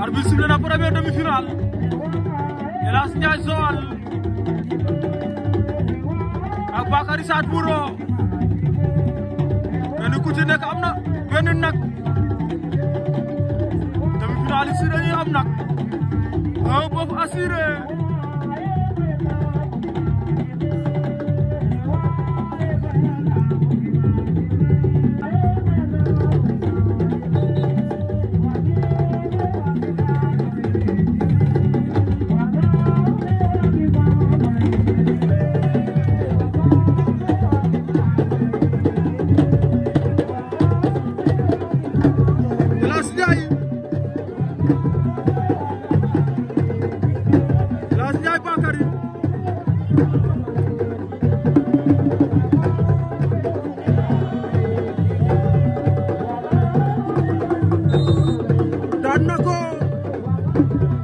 arbitre sifflé na première demi-finale Elhadj Ndiaye Joal ak Bakary Saat Buro benn ku ci nekk na benn nag demi-finale yi am nag un bopp assuré Lass Ndiaye Bakary daan na ko